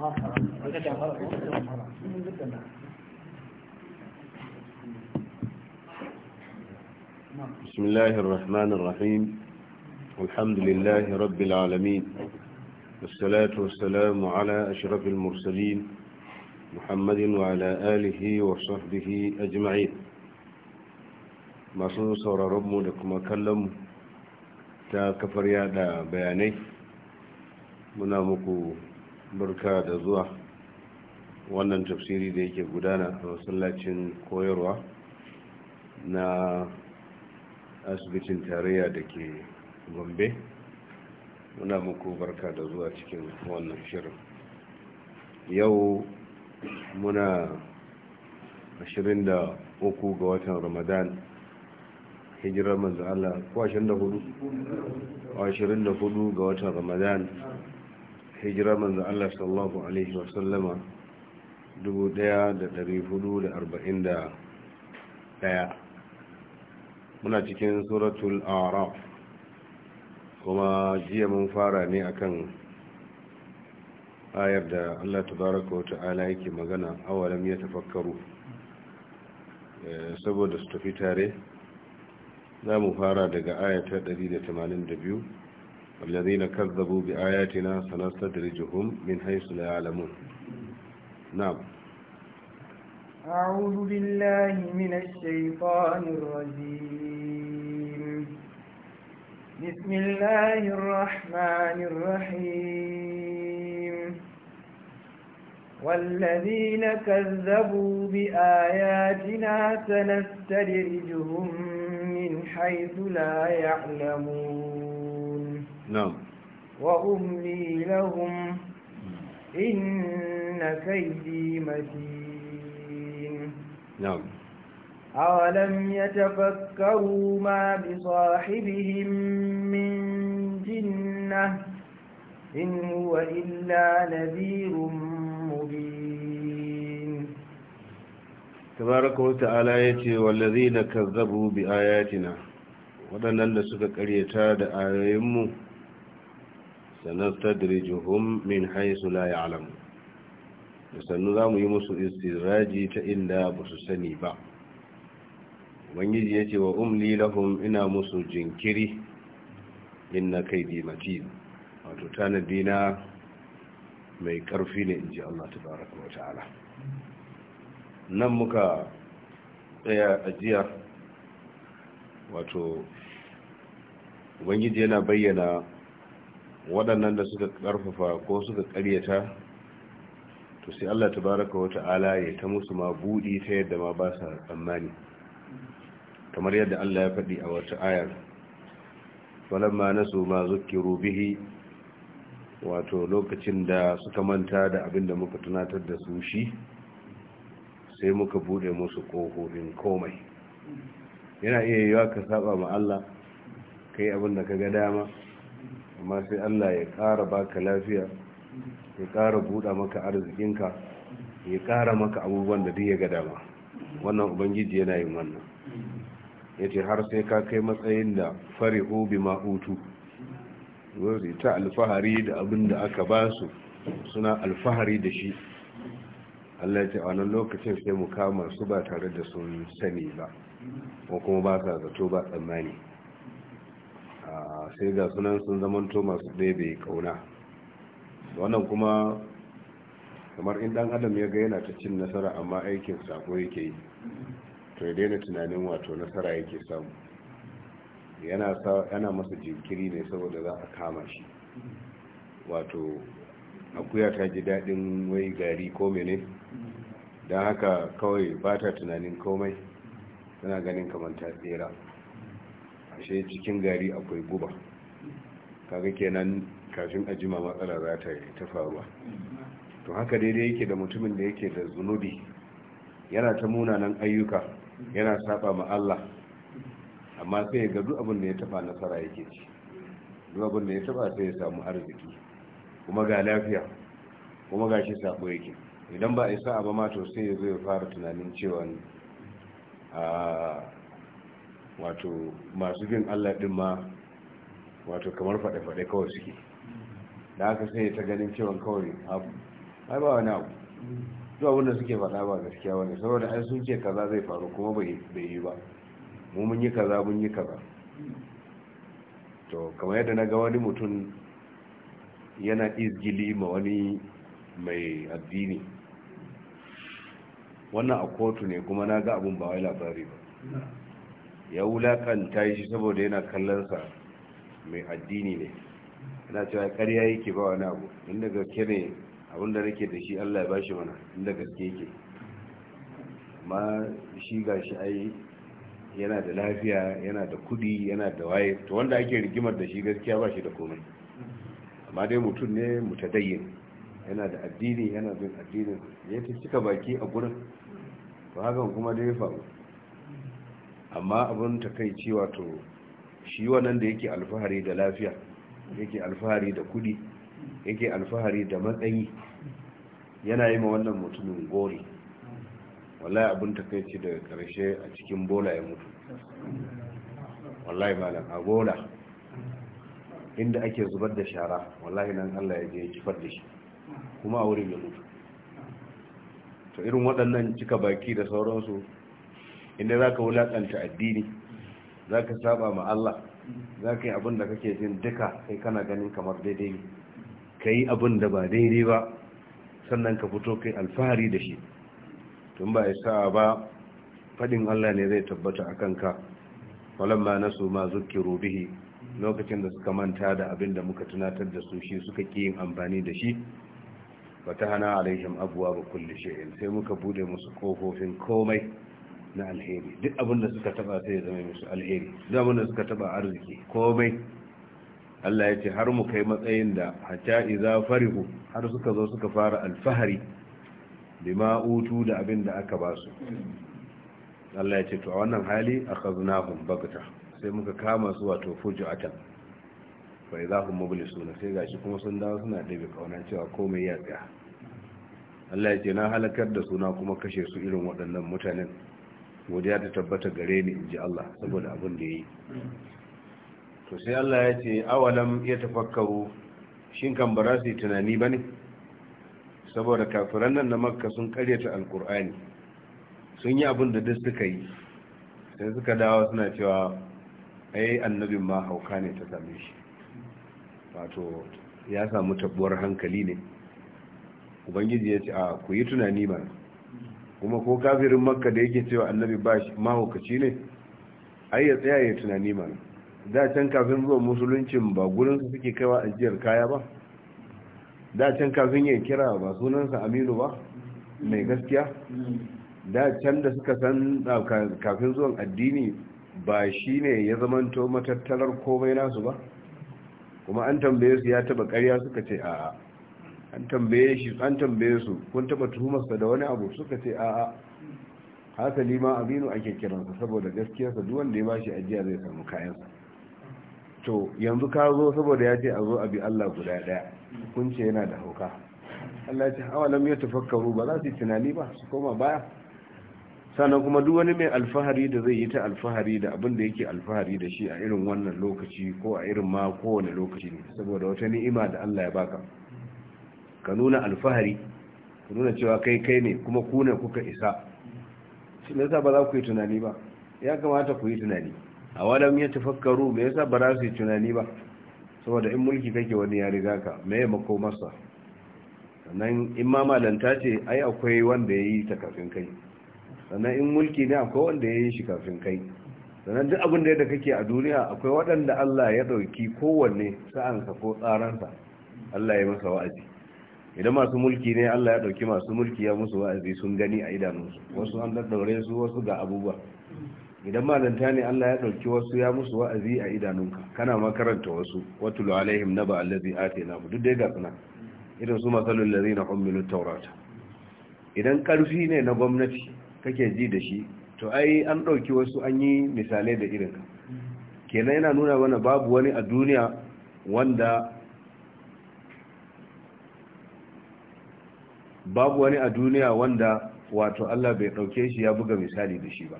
بسم الله الرحمن الرحيم والحمد لله رب العالمين والصلاة والسلام على أشرف المرسلين محمد وعلى آله وصحبه أجمعين ما صور ربنا لكم أكلم تا كفر يا دا بياني منامكو barka da zuwa wannan tafsiri da yake gudana a masallacin koyarwa na asibitin tarayya da ke gombe muna muku barka da zuwa cikin wannan shirin yau muna 23 ga watan ramadan hijirar manzo Allah ko 24 ga watan ramadan hijira manzo Allah sallallahu alaihi wa sallama 1441 muna cikin suratul araf kuma jiya mun fara ne akan ayar da Allah tabaraka wa ta'ala yake magana awalam ya tafakkaru eh, saboda su tafi tare za mu fara daga ayata biyu. والذين كذبوا بآياتنا سنستدرجهم من حيث لا يعلمون نعم أعوذ بالله من الشيطان الرجيم بسم الله الرحمن الرحيم والذين كذبوا بآياتنا سنستدرجهم من حيث لا يعلمون نعم وأملي لهم إن كيدي متين نعم أولم يتفكروا ما بصاحبهم من جنة إن هو إلا نذير مبين تبارك وتعالى يتي والذين كذبوا بآياتنا waɗannan da suka ƙaryata da ayoyinmu sanastadrijuhum min haythu la ya'lamu da sannu za yi musu istiraji ta inda ba su sani ba ubangiji ya ce wa umli lahum ina musu jinkiri inna kaidi matin wato tanadi na mai karfi ne inji Allah tabaaraka wa ta'ala nan muka tsaya ajiya wato ubangiji yana bayyana waɗannan da suka ƙarfafa ko suka ƙaryata to sai Allah tabaraka wa ta'ala ya ta musu ma buɗi ta yadda ma ba sa tsammani kamar yadda Allah ya faɗi a wata ayar walamma nasu ma zukkiru bihi wato lokacin da suka manta da abin da muka tunatar da su shi sai muka buɗe musu ƙofofin komai yana iya yiwa ka saba ma Allah kai abin da ka ga dama amma sai Allah ya ƙara baka lafiya ya ƙara buɗa maka arzikinka ya ƙara maka abubuwan da duk ya ga dama wannan ubangiji yana yin wannan ya ce har sai ka kai matsayin da fari bi ma'utu wanda ta alfahari da abin da aka ba su suna alfahari da shi Allah ya ce a lokacin sai mu kama su ba tare da sun sani ba ko kuma ba sa zato ba tsammani sai ga sunan sun zamanto masu ɗebe kauna wannan kuma kamar in dan adam ya ga yana ta cin nasara amma aikin sako yake yi to ya daina tunanin wato nasara yake samu yana masa jinkiri ne saboda za a kama shi wato akuya ta ji daɗin wai gari ko mene don haka kawai ba ta tunanin komai tana ganin kamar ta tsera Yashe cikin gari akwai guba kaga kenan kafin a jima matsala za ta yi ta faruwa to haka daidai yake da mutumin da yake da zunubi yana ta munanan ayyuka yana saba ma Allah amma sai ga duk abin da ya taba nasara yake ci duk abin da ya taba sai ya samu arziki kuma ga lafiya kuma ga shi sabo yake idan ba a isa ba ma to sai ya zo ya fara tunanin cewa ah, wato masu bin allah din ma wato kamar faɗe-faɗe kawai suke da aka sai ta ganin cewa kawai abu ai ba wani abu zuwa wanda suke fada ba gaskiya wani saboda ai sun ce kaza zai faru kuma bai yi ba mu mun yi kaza mun yi kaza to kamar yadda na ga wani mutum yana izgili ma wani mai addini wannan a kotu ne kuma na ga abun ba wai labari ba ya wulakanta shi saboda yana kallon sa mai addini ne yana cewa ƙarya yake ba wani abu inda gaske ne abinda nake da shi allah ya ba shi mana inda gaske yake amma shi ga shi ai yana da lafiya yana da kudi yana da waye to wanda ake rigimar da shi gaskiya ba shi da komai amma dai mutum ne mutadayyin yana da addini yana bin addinin ya ta cika baki a gurin to hakan kuma dai faru amma abin takaici wato shi wannan da yake alfahari da lafiya yake alfahari da kudi yake alfahari da matsayi yana yi ma wannan mutumin gori wallahi abin takaici da karshe a cikin bola ya mutu wallahi malam a bola inda ake zubar da shara wallahi nan Allah ya je ya kifar da shi kuma a wurin ya mutu to irin waɗannan cika baki da sauransu inda za ka wulaƙanta addini za ka saba ma Allah za ka yi abin da kake jin duka sai kana ganin kamar daidai ka yi abin da ba daidai ba sannan ka fito kai alfahari da shi tun ba ya sa'a ba faɗin Allah ne zai tabbata a kanka ma nasu ma zukkiru bihi lokacin da suka manta da abin da muka tunatar da su shi suka ki yin amfani da shi Ba ta hana alaihim abuwa ba kulle shay'in sai muka bude musu kofofin komai na alheri duk abinda da suka taba sai ya zama musu alheri duk abin suka taba arziki komai Allah ya ce har mu kai matsayin da hatta iza farihu har suka zo suka fara alfahari bima utu da abin da aka ba su Allah ya ce to a wannan hali akhaznahum bagta sai muka kama su wato fujatan fa idza hum suna sai gashi kuma sun dawo suna dabe kauna cewa komai ya tsaya Allah ya ce na halakar da suna kuma kashe su irin waɗannan mutanen godiya ta tabbata gare ni inji Allah saboda abin da ya yi. to sai Allah ya ce awalam ya tafakkaru shin kan ba tunani ba ne saboda kafiran nan na makka sun karyata alkur'ani sun yi abin da duk suka yi sai suka dawo suna cewa ai annabin ma hauka ne ta same shi wato ya samu tabbuwar hankali ne ubangiji ya ce a ku yi tunani bana? kuma ko kafirin makka da yake cewa annabi ba shi mahaukaci ne ai ya tsaya ya tunani mana da can kafin zuwa musuluncin ba gurin su suke kaiwa ajiyar kaya ba da can kafin ya kira ba sunansa aminu ba mai gaskiya da can da suka san kafin zuwan addini ba shi ne ya zamanto matattalar komai nasu ba kuma an tambaye su ya taba karya suka ce a'a an tambaye shi an tambaye su kun taba tuhumarsa da wani abu suka ce a'a haka ma aminu ake kiransa saboda gaskiyarsa duk wanda ya bashi ajiya zai samu kayansa to yanzu ka zo saboda ya ce a zo a bi Allah guda daya kun ce yana da hauka Allah ya ce awalam ya tafakkaru ba za su yi tunani ba su koma baya sannan kuma duk wani mai alfahari da zai yi ta alfahari da abin da yake alfahari da shi a irin wannan lokaci ko a irin ma kowane lokaci ne saboda wata ni'ima da Allah ya baka ka nuna alfahari ka nuna cewa kai kai ne kuma ku ne kuka isa shi me yasa ba za ku yi tunani ba ya kamata ku yi tunani a walam ya tafakkaru me yasa ba za su yi tunani ba saboda in mulki kake wani ya riga ka me ya mako masa sannan in ma malanta ce ai akwai wanda ya yi ta kafin kai sannan in mulki ne akwai wanda ya yi shi kafin kai sannan duk abin da kake a duniya akwai waɗanda Allah ya ɗauki kowanne sa'ansa ko tsaransa Allah ya masa wa'azi idan masu mulki ne Allah ya dauki masu mulki ya musu wa'azi sun gani a idanunsu wasu an daddaure su wasu ga abubuwa idan malanta ne Allah ya dauki wasu ya musu wa'azi a idanunka kana makaranta wasu wasu watul alaihim naba allazi atina duk dai ga suna Idan su masalul ladina ummilu tawrata idan karfi ne na gwamnati kake ji da shi to ai an dauki wasu an yi misalai da irinka kenan yana nuna mana babu wani a duniya wanda babu wani a duniya wanda wato Allah bai ɗauke shi ya buga misali da shi ba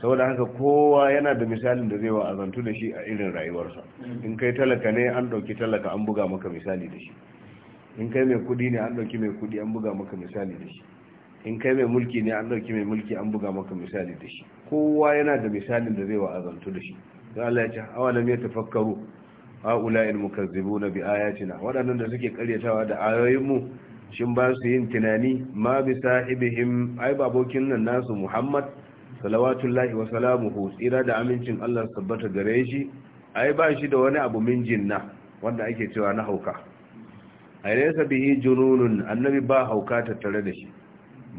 saboda haka kowa yana da misalin da zai wa azantu da shi a irin rayuwarsa in kai talaka ne an ɗauki talaka an buga maka misali da shi in kai mai kudi ne an ɗauki mai kudi an buga maka misali da shi in kai mai mulki ne an ɗauki mai mulki an buga maka misali da shi kowa yana da misalin da zai wa azantu da shi don Allah ya ce awalam ya tafakkaru ha'ula'il mukazzibuna bi ayatina waɗannan da suke karyatawa da ayoyinmu shin ba su yin tunani ma bi sahibihim ai babokin nan nasu muhammad salawatullahi wa salamuhu tsira da amincin Allah tabbata gare shi ai ba shi da wani abu min jinna wanda ake cewa na hauka ai laysa bihi jununun annabi ba hauka tattare da shi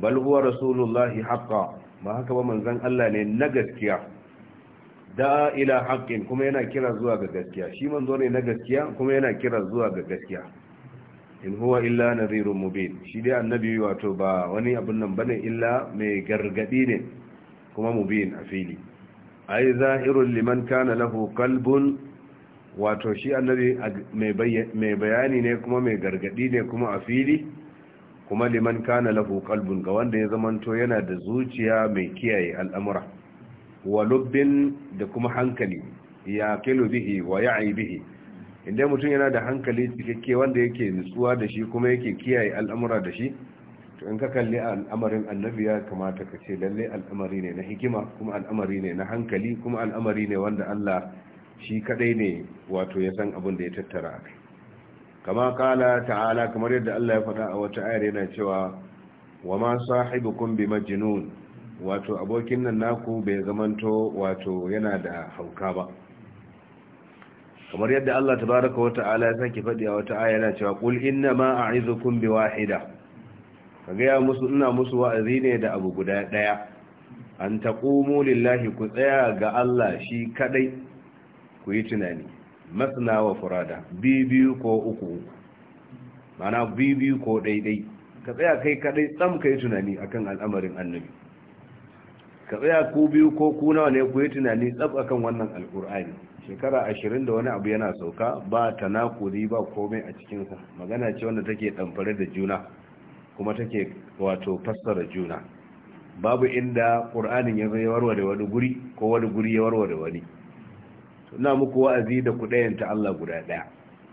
bal huwa rasulullahi haqqan ba haka ba manzon Allah ne na gaskiya da ila haqqin kuma yana kira zuwa ga gaskiya shi manzo ne na gaskiya kuma yana kira zuwa ga gaskiya in huwa illa nadhirun mubin shi dai annabi wato ba wani abin nan bane illa mai gargadi ne kuma mubin a fili ai zahirun liman kana lahu qalbun wato shi annabi mai bayani ne kuma mai gargadi ne kuma a fili kuma liman kana lahu qalbun ga wanda ya zamanto yana da zuciya mai kiyaye al'amura wa lubbin da kuma hankali ya kilu bihi wa ya'i bihi inda mutum yana da hankali cikakke wanda yake nutsuwa da shi kuma yake kiyaye al'amura da shi to in ka kalli al'amarin annabi ya kamata ka ce lalle al'amari ne na hikima kuma al'amari ne na hankali kuma al'amari ne wanda Allah shi kadai ne wato ya san abin da ya tattara a kai kama kala ta'ala kamar yadda Allah ya faɗa a wata ayar yana cewa wa ma sahibukum bi majnun wato abokin nan naku bai zamanto wato yana da hauka ba kamar yadda Allah tabaraka wa ta'ala ya sake faɗi a wata aya yana cewa qul inna ma a'izukum bi wahida kaga ya musu ina musu wa'azi ne da abu guda daya an taqumu lillahi ku tsaya ga Allah shi kadai ku yi tunani masna wa furada bi ko uku mana bi ko daidai ka tsaya kai kadai tsam kai tunani akan al'amarin annabi ka tsaya ku biyu ko kuna ne ku yi tunani tsab akan wannan alqur'ani shekara ashirin da wani abu yana sauka ba ta tanakuri ba komai a cikinsa magana ce wanda take ɗamfare da juna kuma take wato fassara juna babu inda ƙur'anin ya zai warware wani guri ko wani guri ya warware wani suna muku wa'azi da ku ɗayanta Allah guda ɗaya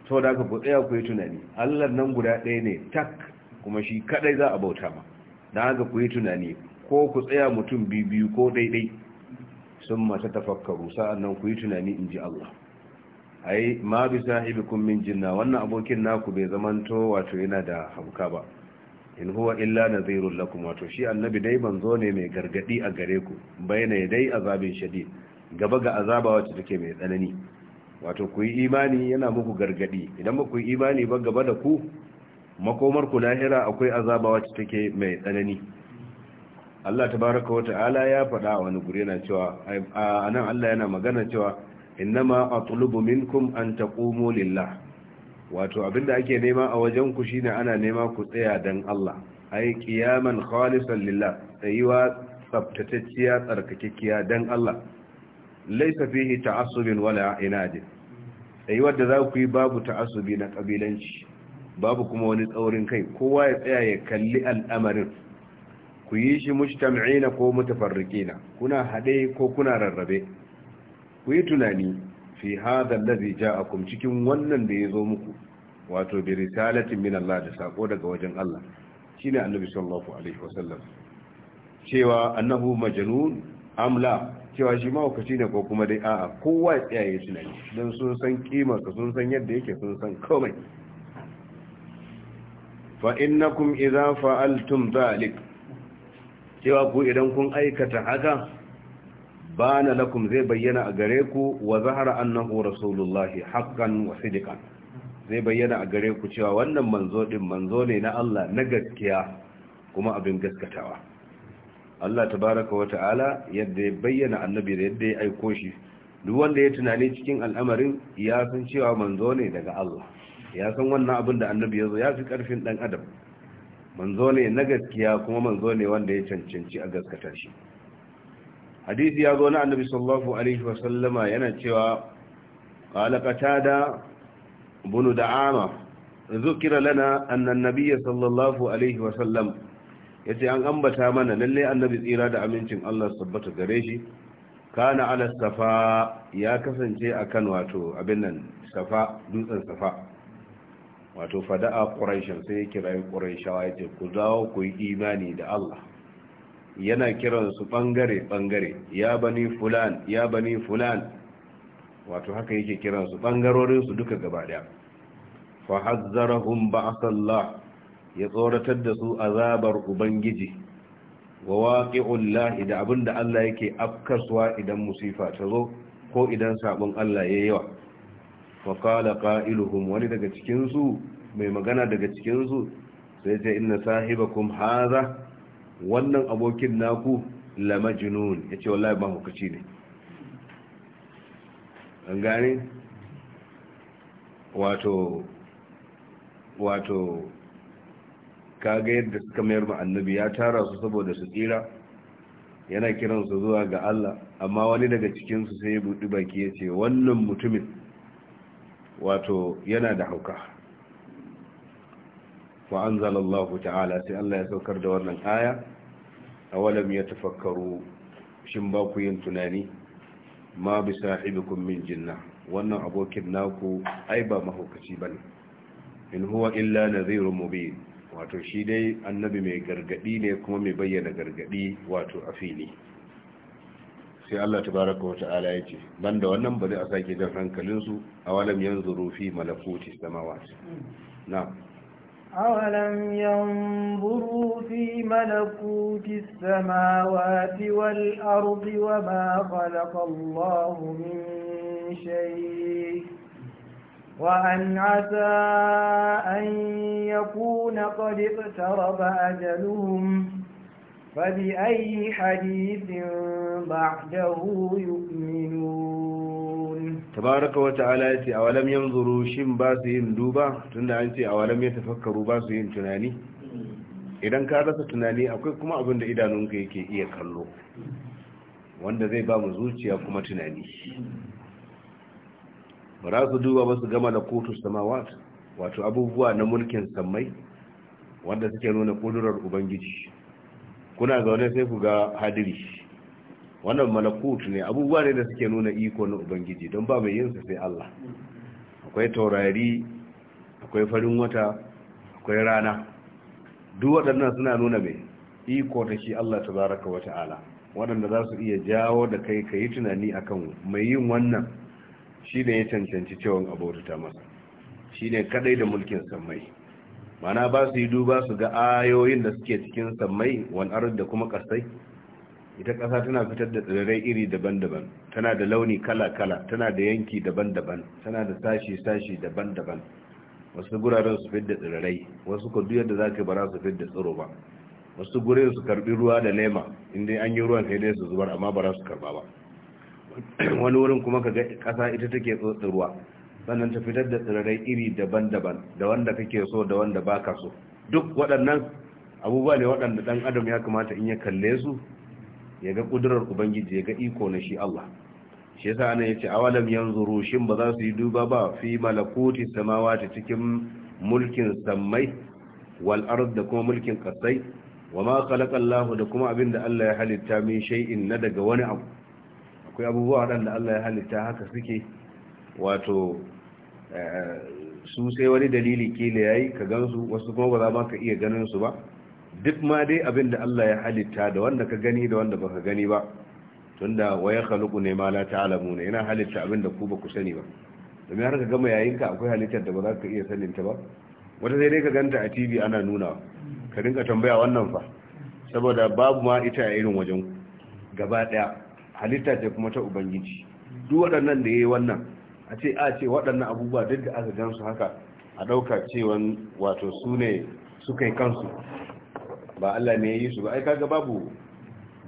sau da aka ku tsaya ku yi tunani Allah nan guda ɗaya ne tak kuma shi kaɗai za a bauta ma don haka ku yi tunani ko ku tsaya mutum biyu ko ɗaiɗai sun mata tafakkaru sa'annan ku yi tunani in ji Allah ai ma bi kun min jinna wannan abokin naku bai zamanto wato yana da hauka ba in huwa illa nadhirul lakum wato shi annabi dai ban zo ne mai gargadi a gare ku ya dai azabin shadid gaba ga azaba wacce take mai tsanani wato ku yi imani yana muku gargadi idan ba ku yi imani ba gaba da ku makomar ku lahira akwai azaba wacce take mai tsanani Allah tabaraka wa ta'ala ya faɗa a wani guri na cewa a nan Allah yana magana cewa innama atlubu minkum an taqumu lillah wato abinda ake nema a wajen ku shine ana nema ku tsaya dan Allah ai qiyaman khalisan lillah tsayuwa tsaftatacciya tsarkakekkiya dan Allah laysa fihi ta'assubin wala inad tsayuwar da za ku yi babu ta'assubi na kabilanci babu kuma wani tsaurin kai kowa ya tsaya ya kalli al'amarin ku yi shi na ko mutafarriqina kuna haɗe ko kuna rarrabe ku yi tunani fi hadha a ja'akum cikin wannan da ya zo muku wato bi risalatin min Allah da sako daga wajen Allah shine annabi sallallahu alaihi wasallam cewa annahu majnun amla cewa shi mahaukaci ne ko kuma dai a'a kowa tsaye tunani don sun san kimar ka sun san yadda yake sun san komai fa innakum idza fa'altum dhalik cewa ku idan kun aikata haka bana lakum zai bayyana a gare ku wa zahara annahu rasulullahi haqqan wa sidqan zai bayyana a gare ku cewa wannan manzo din manzo ne na Allah na gaskiya kuma abin gaskatawa Allah tabaraka wa ta'ala yadda ya bayyana annabi da yadda ya aiko shi duk wanda ya tunani cikin al'amarin ya san cewa manzo ne daga Allah ya san wannan abin da annabi ya zo ya fi karfin dan adam manzo ne na gaskiya kuma manzo ne wanda ya cancanci a gaskata shi hadisi ya zo na annabi sallallahu alaihi wasallama yana cewa qala qatada bunu da'ama zukira lana anna an sallallahu alaihi wasallam yace an ambata mana lalle annabi tsira da amincin Allah sabbata gare shi kana ala safa ya kasance akan wato abin nan safa dutsen safa wato fada'a ƙuraishin sai ya kira ƙuraishawa ya ce ku zawo ku yi imani da Allah yana kiran su ɓangare-ɓangare ya bani fulan ya bani fulan wato haka yake kiransu su duka gaba ɗaya fa hazzarahum ba'athallah ya tsoratar da su azabar ubangiji wa lahi da abinda Allah yake afkaswa idan musifa ta zo ko idan sabon Allah yayi yawa faƙala ƙa'iluhum wani daga cikinsu mai magana daga cikinsu sai ce inna sahibakum haza wannan abokin naku lamajinun ya ce wallahi ba hukaci ne an gane wato wato kaga yadda suka mayar ma annabi ya tara su saboda su tsira yana kiransu zuwa ga Allah amma wani daga cikinsu sai ya buɗi baki ya ce wannan mutumin wato yana da hauka wa anzalallahu ta'ala sai Allah ya saukar da wannan aya awalam tafakkaru, shin ba ku yin tunani ma bi sahibikum min jinna wannan abokin naku ai ba mahaukaci bane in huwa illa nadhirun mubin wato shi dai annabi mai gargadi ne kuma mai bayyana gargadi wato a fili sai Allah tabaraka wa ta'ala ya ce banda wannan ba zai a sake jan hankalinsu أولم ينظروا في ملكوت السماوات نعم أولم ينظروا في ملكوت السماوات والأرض وما خلق الله من شيء وأن عسى أن يكون قد اقترب أجلهم فبأي حديث بعده يؤمنون tabaraka wa ta'ala ya ce yanzuru shin ba su yin duba tunda an ce awalam ya tafakkaru ba su yin tunani idan ka rasa tunani akwai kuma abin da idanunka yake iya kallo wanda zai ba mu zuciya kuma tunani ba su duba ba su gama da kotu samawat wato abubuwa na mulkin sammai wanda suke nuna kudurar ubangiji kuna zaune sai ku ga hadiri wannan malakut ne abubuwa ne da suke nuna iko na ubangiji don ba mai yinsa sai Allah akwai taurari akwai farin wata akwai rana duk waɗannan suna nuna mai iko ta shi Allah ta baraka wata ala. waɗanda za su iya jawo da kai ka yi tunani akan mai yin wannan shi ne ya cancanci cewon abota masa shi ne kadai da mulkin sammai mana ba su yi duba su ga ayoyin da suke cikin sammai wani da kuma ƙasai. ita ƙasa tana fitar da tsirrai iri daban-daban tana da launi kala-kala tana da yanki daban-daban tana da sashi-sashi daban-daban wasu guraren su da tsirrai wasu ku duk yadda zaka bara su da tsiro ba wasu gurin su karbi ruwa da lema inda an yi ruwan sai dai su zubar amma bara su karba ba wani wurin kuma kaga ƙasa ita take tsotsi ruwa sannan ta fitar da tsirrai iri daban-daban da wanda kake so da wanda baka so duk waɗannan abubuwa ne waɗanda ɗan adam ya kamata in ya kalle su ya ga kudurar ubangiji ya ga iko na shi Allah shi yasa ana yace awalam yanzuru shin ba za su yi duba ba fi malakuti samawati cikin mulkin sammai wal ard da kuma mulkin kasai wa ma khalaqa Allah da kuma abinda da Allah ya halitta min shay'in na daga wani abu akwai abubuwa da Allah ya halitta haka suke wato eh, su sai wani dalili kila yayi ka gansu wasu kuma ba za ma ka iya ganin su ba duk ma dai abin da Allah ya halitta da wanda ka gani da wanda baka gani ba tunda waya khaluqu ne ma la ne yana halitta abin da ku ba ku sani ba domin har ka gama yayin ka akwai halittar da ba za ka iya sanin ta ba wata sai dai ka ganta a TV ana nuna ka dinka tambaya wannan fa saboda babu ma ita a irin wajen gaba daya halitta ce kuma ta ubangiji duk waɗannan da yayi wannan a ce a ce waɗannan abubuwa duk da aka gansu haka a ɗauka cewa wato su ne su kai kansu ba Allah ne ya yi su ba ai kaga babu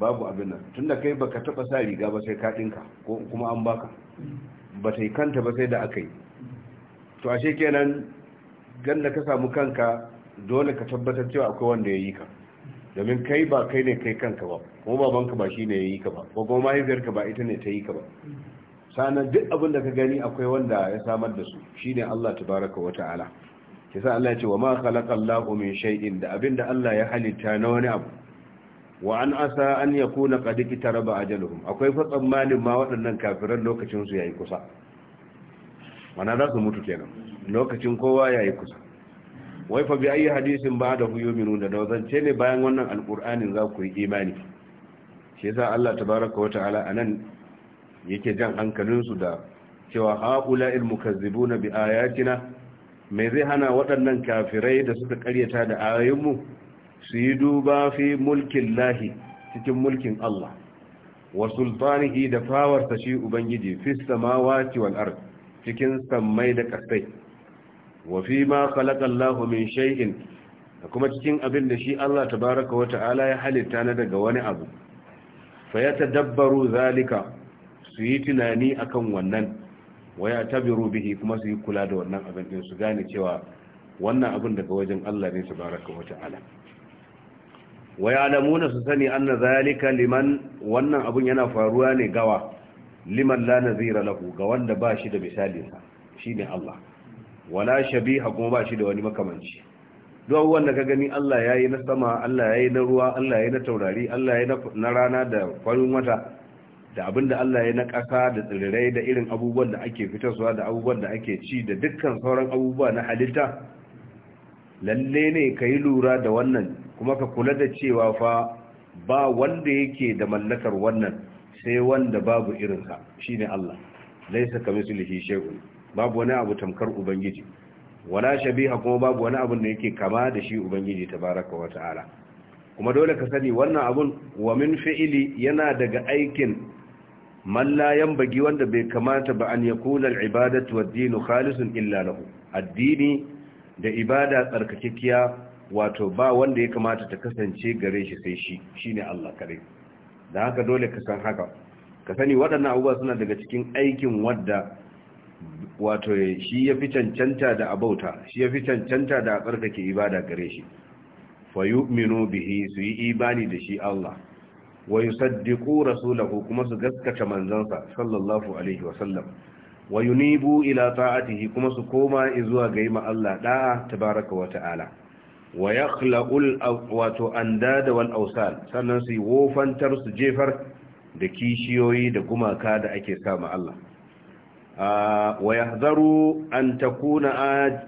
babu abin nan tunda kai baka taba sa riga ba sai ka dinka ko kuma an baka ba sai kanta ba sai da aka to ashe kenan ganda ka samu kanka dole ka tabbatar cewa akwai wanda ya yi ka domin kai ba kai ne kai kanka ba ko babanka ba shi ne ya yi ka ba ko kuma mahaifiyarka ba ita ne ta yi ka ba sanan duk abin da ka gani akwai wanda ya samar da su shine Allah tabaraka wa ta'ala sa Allah ya ce wa ma Allahu min shay'in da abinda Allah ya halitta na wani abu wa an asa an yakuna qad kitaraba ajaluhum akwai fa tsammanin ma waɗannan kafiran lokacin su yayi kusa wana za su mutu kenan lokacin kowa yayi kusa wai fa bi ayi hadisin ba'dahu yu'minun da zance ne bayan wannan alqur'anin za ku yi imani shi yasa Allah tabaaraka wa ta'ala anan yake jan hankalinsu da cewa haula il mukazzibuna bi ayatina me zai hana waɗannan kafirai da suka karyata da ayoyinmu su yi duba fi mulkin lahi cikin mulkin Allah wa sultanihi da fawarsa shi ubangiji fi samawati wal ard cikin sammai da ƙasai wa fi ma khalaqa Allahu min shay'in da kuma cikin abin da shi Allah tabaraka wa ta'ala ya halitta na daga wani abu fa yatadabbaru zalika su yi tunani akan wannan waya tabiru bihi kuma su yi kula da wannan abin din su gane cewa wannan abin daga wajen Allah ne baraka wa ta'ala waya alamuna su sani anna zalika liman wannan abin yana faruwa ne gawa liman la nazira lahu ga wanda ba shi da misali sa shine Allah wala shabiha kuma ba shi da wani makamanci duk wanda ka gani Allah yayi na sama Allah yayi na ruwa Allah yayi na taurari Allah yayi na rana da farin wata da abin da Allah ya na ƙasa da tsirrai da irin abubuwan da ake fitarwa da abubuwan da ake ci da dukkan sauran abubuwa na halitta lalle ne ka yi lura da wannan kuma ka kula da cewa fa ba wanda yake da mallakar wannan sai wanda babu irinsa ne Allah laisa ka shi Shehu babu wani abu tamkar ubangiji wala shabiha kuma babu wani abu da yake kama da shi ubangiji tabaraka wa ta'ala kuma dole ka sani wannan abun wa min fi'ili yana daga aikin man la wanda bai kamata ba an yakuna al-ibadatu wad-dinu khalisun illa lahu addini da ibada tsarkakekiya wato ba wanda ya kamata ta kasance gare shi sai shi shine Allah kare da haka dole ka san haka ka sani waɗannan abubuwa suna daga cikin aikin wadda wato shi ya fi cancanta da abauta shi ya fi cancanta da tsarkake ibada gare shi fa yu'minu bihi su yi imani da shi Allah wa yusaddiqu rasulahu kuma su gaskata manzansa sallallahu alaihi wa sallam wa yunibu ila ta'atihi kuma su koma zuwa ga yima Allah da'a tabaraka wa ta'ala wa yakhlaqul wato andada wal awsal sannan su wofantar su jefar da kishiyoyi da gumaka da ake sama Allah wa yahzaru an takuna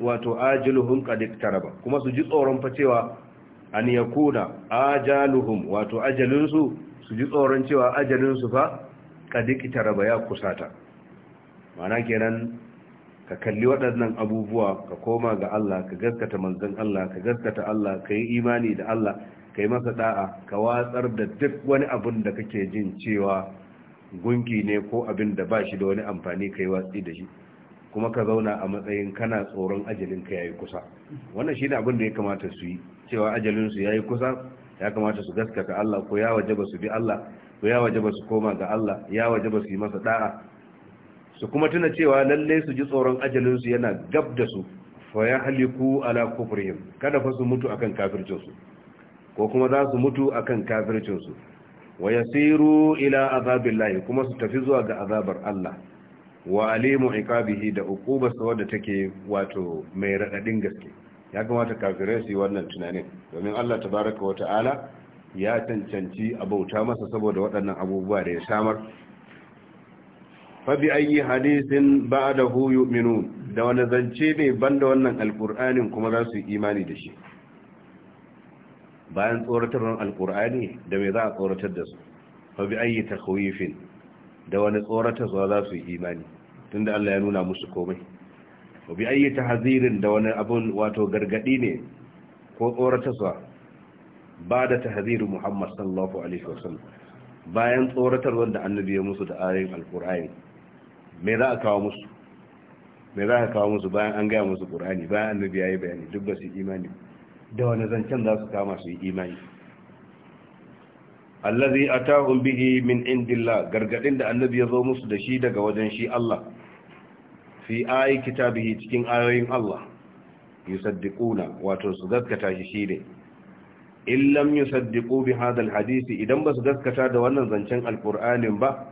wato ajiluhum qad iktaraba kuma su ji tsoron fa cewa an yakuna ajaluhum wato ajalinsu su ji tsoron cewa ajalinsu fa kadiki raba ya kusata mana kenan ka kalli waɗannan abubuwa ka koma ga Allah ka gaskata manzon Allah ka gaskata Allah ka yi imani da Allah ka yi masa da'a ka watsar da duk wani abin da kake jin cewa gunki ne ko abin da ba da wani amfani ka yi watsi da shi kuma ka zauna a matsayin kana tsoron ajalin ka yayi kusa wannan shine abin da ya kamata su yi cewa ajalin su yayi kusa ya kamata su gaskata Allah ko ya wajaba su bi Allah ko ya wajaba su koma ga Allah ya wajaba su yi masa da'a su kuma tuna cewa lalle su ji tsoron ajalin su yana gab da su fa haliku ala kufrihim kada fa su mutu akan kafircin su ko kuma za su mutu akan kafircin su wa yasiru ila azabillahi kuma su tafi zuwa ga azabar Allah wa alimu iqabihi da uqubarsa wadda take wato mai radadin gaske ya kamata kafirai su yi wannan tunanin domin Allah baraka wa ta'ala ya cancanci abauta masa saboda waɗannan abubuwa da ya samar fabi ayi hadisin ba'dahu yu'minun da wani zance ne banda wannan alqur'anin kuma za su yi imani da shi bayan tsoratarwar Alƙur'ani da me za a tsoratar da su fabi ayi takhwifin da wani tsoratarwa za su yi imani tunda Allah ya nuna musu komai wa bi ayi tahzirin da wani abun wato gargadi ne ko tsoratarwa ba da ta hazirin Muhammad sallallahu alaihi wasallam bayan tsoratar wanda annabi ya musu da ayoyin alqur'ani me za a kawo musu me za a kawo musu bayan an gaya musu ƙur'ani? bayan annabi yayi bayani duk ba su imani da wani zancen za su kama su yi imani allazi atahum bihi min indillah gargadin da annabi ya zo musu da shi daga wajen shi Allah fi ayi kitabihi cikin ayoyin Allah yusaddiquna wato su gaskata shi shine in lam yusaddiqu bi hadha alhadisi idan basu gaskata da wannan zancen alqur'anin ba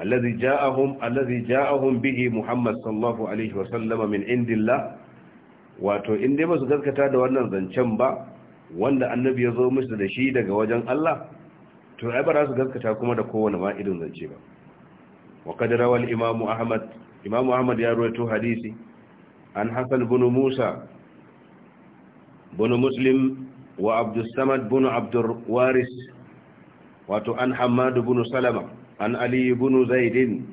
allazi ja'ahum allazi ja'ahum bihi muhammad sallallahu alaihi sallam min indillah wato in dai basu gaskata da wannan zancen ba wanda annabi ya zo musu da shi daga wajen Allah to ai ba za su gaskata kuma da kowane ma irin zance ba wa qad rawa imam ahmad imamu ahmad ya ruwaito hadisi an hasan bunu musa bunu muslim wa abdussamad bunu abdurwaris wato an hamadu bunu salama an Aliyu bunu zaidin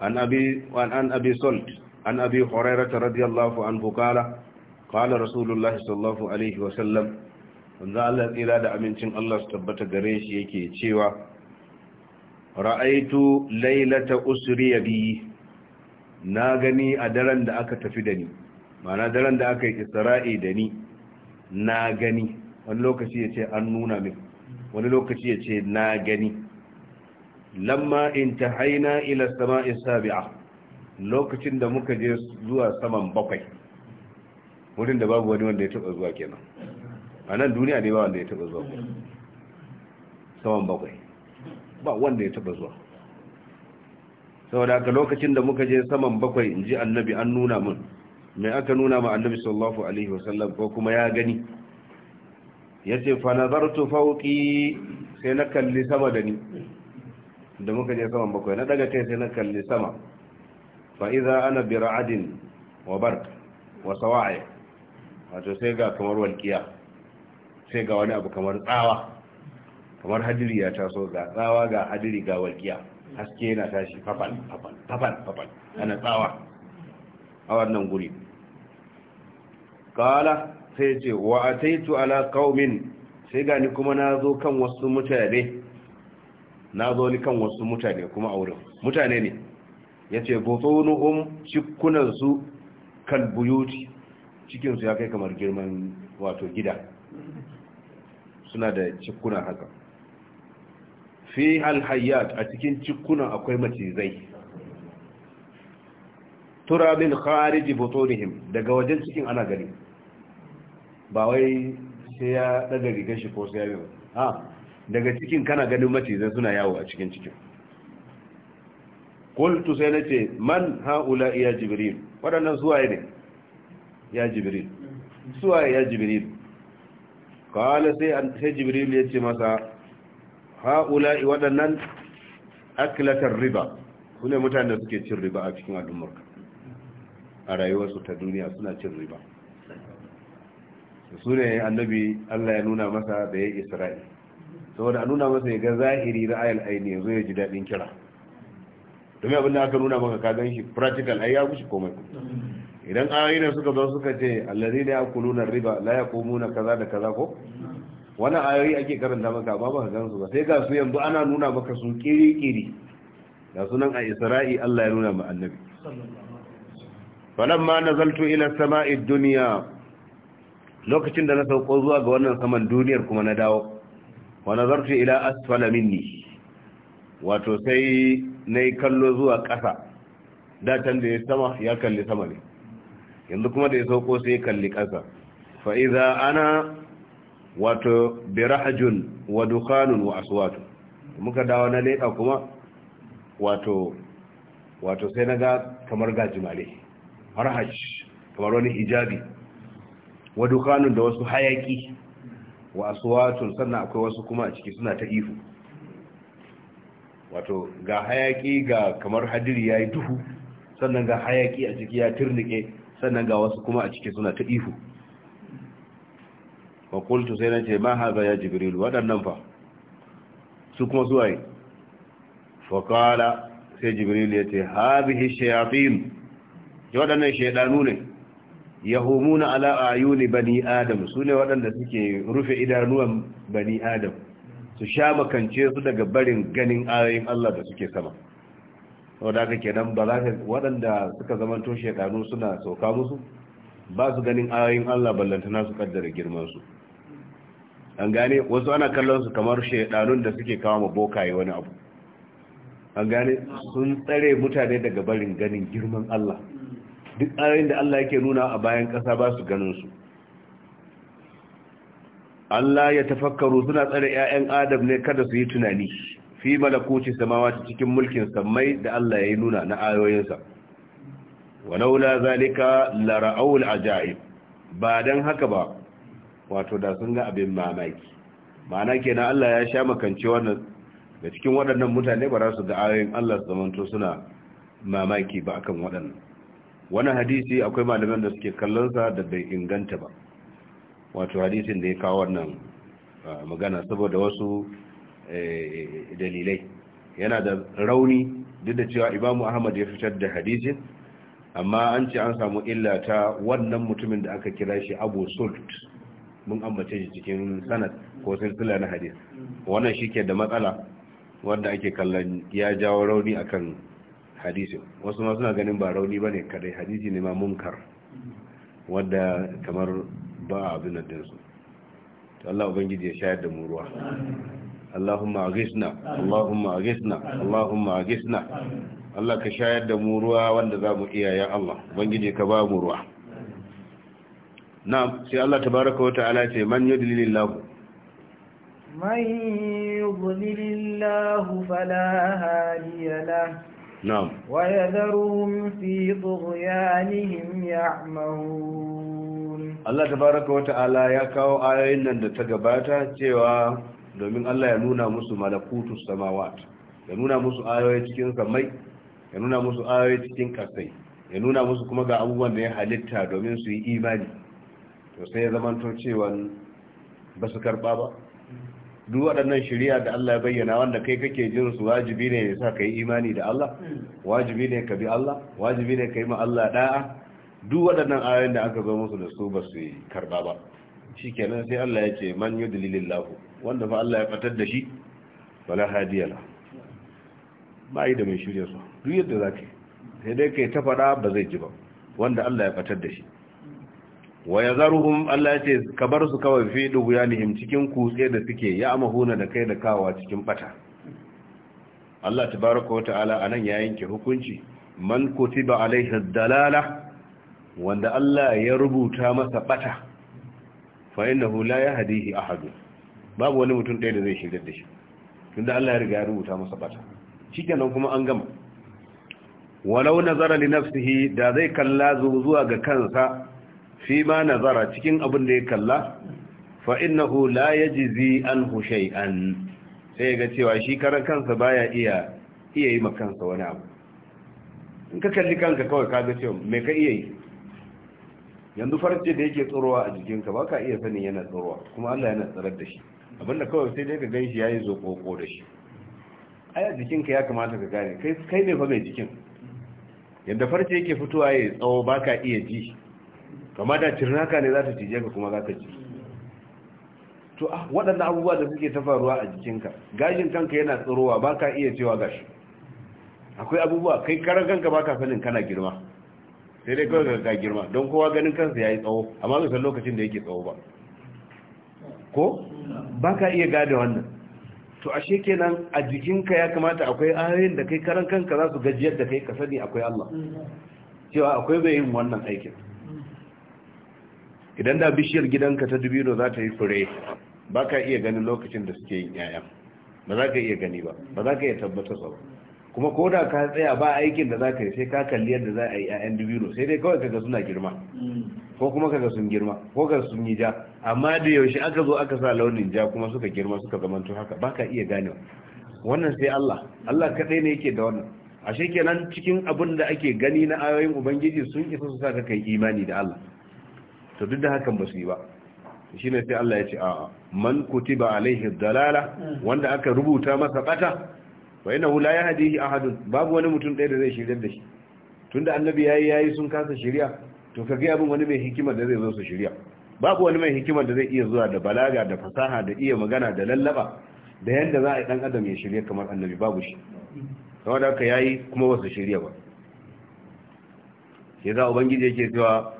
an abi an abi salt an abi hurairah radiyallahu anhu qala qala rasulullahi sallallahu alaihi wa sallam wanda Allah tsira da amincin Allah su tabbata gare shi yake cewa ra'aitu lailata usriya bi na gani a daren da aka tafi da ni mana daren da aka yi isra'i da ni na gani wani lokaci ya ce an nuna min wani lokaci ya ce na gani lamma in ta haina ila sama'in sabi'a lokacin da muka je zuwa saman bakwai wurin da babu wani wanda ya taba zuwa kenan a nan duniya ne ba wanda ya taba zuwa saman bakwai ba wanda ya taba zuwa saboda aka lokacin da muka je saman bakwai in ji annabi an nuna mun mai aka nuna ma annabi sallallahu alaihi wasallam ko kuma ya gani ya ce fa nazartu fawqi sai na kalli sama da ni da muka je saman bakwai na daga kai sai na kalli sama fa idza ana bi ra'adin wa bark wa sawa'i wato sai ga kamar walqiya sai ga wani abu kamar tsawa kamar hadiri ya taso ga tsawa ga hadiri ga walqiya haske yana tashi fafal fafal fafal ana tsawa a wannan guri kala sai ce wa ataitu ala qaumin sai gani kuma na zo kan wasu mutane na zo ni kan wasu mutane kuma a wurin mutane ne ya ce botonuhum cikunansu kan buyuti cikinsu ya kai kamar girman wato gida suna da cikuna haka fi alhayyat a cikin cikuna akwai macizai turabin khariji butunihim daga wajen cikin ana gani ba wai sai ya daga rigar shi ko sai ya biyu ha daga cikin kana ganin macizai suna yawo a cikin cikin kultu sai na ce man ha'ula iya jibril waɗannan suwaye ne ya jibril suwaye ya jibril kawai sai jibril ya ce masa haula waɗannan akilatar riba su ne mutane da suke cin riba a cikin al'ummarka a rayuwarsu ta duniya suna cin riba su ne annabi allah ya nuna masa da ya isra'il saboda a nuna masa ya ga zahiri ayal aini yanzu ya ji daɗin kira domin abin da aka nuna maka ka gan shi practical ai ya gushi komai idan ayoyi suka zo suka ce allazi ne ya kulunan riba la ya komuna kaza da kaza ko wani ayoyi ake karanta maka ba ba gansu ba sai ga su yanzu ana nuna maka su kiri-kiri da sunan a isra'i Allah ya nuna ma annabi falamma nazaltu ila sama'i dunya lokacin da na sauko zuwa ga wannan saman duniyar kuma na dawo wa nazartu ila asfala minni wato sai nayi kallo zuwa ƙasa da can da ya sama ya kalli sama ne yanzu kuma da ya sauko sai ya kalli ƙasa fa ana wato birahajun wa dukanun wa aswatu muka dawo na leda kuma wato wato sai naga kamar gajimale harhaj kamar wani hijabi wa dukanun da wasu hayaki wa aswatu sannan akwai wasu kuma a ciki suna ta ihu wato ga hayaki ga kamar hadiri yayi duhu sannan ga hayaki a ciki ya turnike sannan ga wasu kuma a ciki suna ta ihu fa sai nace ma haza ya jibril wadannan fa su kuma su waye fa sai jibril yace hadhihi shayatin wadannan shaydanu ne yahumuna ala ayuni bani adam su ne wadanda suke rufe idanuwan bani adam su sha makance su daga barin ganin ayoyin Allah da suke sama saboda haka kenan ba za ka waɗanda suka zamanto shekaru suna sauka musu ba su ganin ayoyin Allah ballantana su kaddara girmansu. an gane wasu ana kallon su kamar shaidanun da suke kawo ma bokaye wani abu an gane sun tsare mutane daga barin ganin girman Allah duk ayoyin da Allah yake nuna a bayan ƙasa ba su ganin su Allah ya tafakkaru suna tsare ƴaƴan Adam ne kada su yi tunani fi malakuci samawati cikin mulkin samai da Allah ya yi nuna na ayoyinsa walaula zalika lara'ul ajaib ba dan haka ba wato da sun ga abin mamaki ma'ana kenan Allah ya sha makance wannan da cikin waɗannan mutane ba za su ga ayoyin Allah su zamanto suna mamaki ba akan waɗannan wannan hadisi akwai malaman da suke kallon sa da bai inganta ba wato hadisin da ya kawo wannan magana saboda wasu e, e, dalilai yana da rauni duk da cewa imamu ahmad ya fitar da hadisin amma an ce an samu illa ta wannan mutumin da aka kira shi abu sult mun ambace shi cikin sanad ko silsila na hadis wannan shi ke da matsala wanda ake kallon ya jawo rauni akan hadisi wasu ma suna ganin ba rauni bane kadai hadisi ne ma munkar wanda kamar ba abin da dinsu to Allah ubangiji ya shayar da mu ruwa Allahumma اغثنا Allahumma اغثنا Allahumma اغثنا Allah ka shayar da mu ruwa wanda za mu iya ya Allah, Ubangiji ka ba mu ruwa. na'am sai Allah baraka wata ala ce man yudlilillahu man yudlilillahu fala hadiya lahu نعم ويذرهم في طغيانهم يعمهون الله تبارك وتعالى ya kawo ayoyin nan da ta gabata cewa domin Allah ya nuna musu malakutus samawat ya nuna musu ayoyi cikin samai ya nuna musu ayoyi cikin kasai ya nuna musu kuma ga abubuwan da ya halitta domin su yi imani to sai ya zamanto cewa ba su karba ba duk waɗannan shari'a da Allah ya bayyana wanda kai kake jin su wajibi ne ya sa ka yi imani da Allah wajibi ne ka bi Allah wajibi ne ka yi ma Allah da'a duk waɗannan ayoyin da aka zo musu da su ba su karba ba shi kenan sai Allah ya ce man yudlilillahu wanda fa Allah ya fatar da shi wala hadiya ba yi da mai shirya su duk yadda zaka sai dai kai ta fada ba zai ji ba wanda Allah ya fatar da shi wa yazaruhum Allah yace ka bar su kawai fi duguyanihim cikin kutse da suke ya amahuna da kai da kawa cikin fata Allah tabaaraka ta'ala anan ya yanke hukunci man kutiba alaihi dalala wanda Allah ya rubuta masa fata fa innahu la yahdihi ahad babu wani mutum ɗaya da zai shirya da shi tunda Allah ya riga ya rubuta masa bata nan kuma an gama walau nazara li nafsihi da zai kalla zuwa ga kansa fi ma nazara cikin abin da ya kalla fa innahu la yajzi anhu shay'an sai ga cewa shi karan kansa baya iya iya yi makansa wani abu in ka kalli kanka kawai ka ga cewa me ka iya yi yanzu farce da yake tsorowa a jikinka ba ka iya sanin yana tsorowa kuma Allah yana tsarar da shi abinda kawai sai dai ka gan shi ya yi zoƙoƙo da shi aya jikinka ya kamata ka gane kai ne fa mai jikin yanda farce yake fitowa ya tsawo ba ka iya ji kama da cirnaka ne za ta cije ka kuma za ka ci to ah waɗannan abubuwa da suke ta faruwa a jikinka gashin kanka yana tsirowa ba ka iya cewa gashi akwai abubuwa kai karan kanka ba ka sanin kana girma sai dai kawai ka girma don kowa ganin kansa ya yi tsawo amma bai san lokacin da yake tsawo ba ko ba ka iya gada wannan to ashe kenan a jikinka ya kamata akwai ayoyin da kai karan kanka za su gajiyar da kai ka sani akwai Allah cewa akwai bai yin wannan aikin idan da bishiyar gidanka ta dubino za ta yi fure ba ka iya ganin lokacin da suke yin yaya ba za ka iya gani ba ba za ka iya tabbata ba kuma ko da ka tsaya ba aikin da za ka yi sai ka kalli yadda za a yi yayan dubino sai dai kawai kaga suna girma ko kuma kaga sun girma ko kaga sun yi ja amma da yaushe aka zo aka sa launin ja kuma suka girma suka zamanto haka ba ka iya ganewa wannan sai Allah Allah kadai ne yake da wannan ashe kenan cikin abin da ake gani na ayoyin ubangiji sun isa su saka kai imani da Allah to duk da hakan ba su yi ba shi ne sai Allah ya ce a man kuti ba alaihi dalala wanda aka rubuta masa bata wa hula ya a ahadun babu wani mutum ɗaya da zai shirya da shi tunda annabi ya yi sun kasa shirya to kage abin wani mai hikimar da zai zo su shirya. babu wani mai hikimar da zai iya zuwa da balaga da fasaha da iya magana da lallaba da yanda za a yi dan adam ya shirya kamar annabi babu shi aka haka yi kuma wasu shirya ba sai za ubangiji yake cewa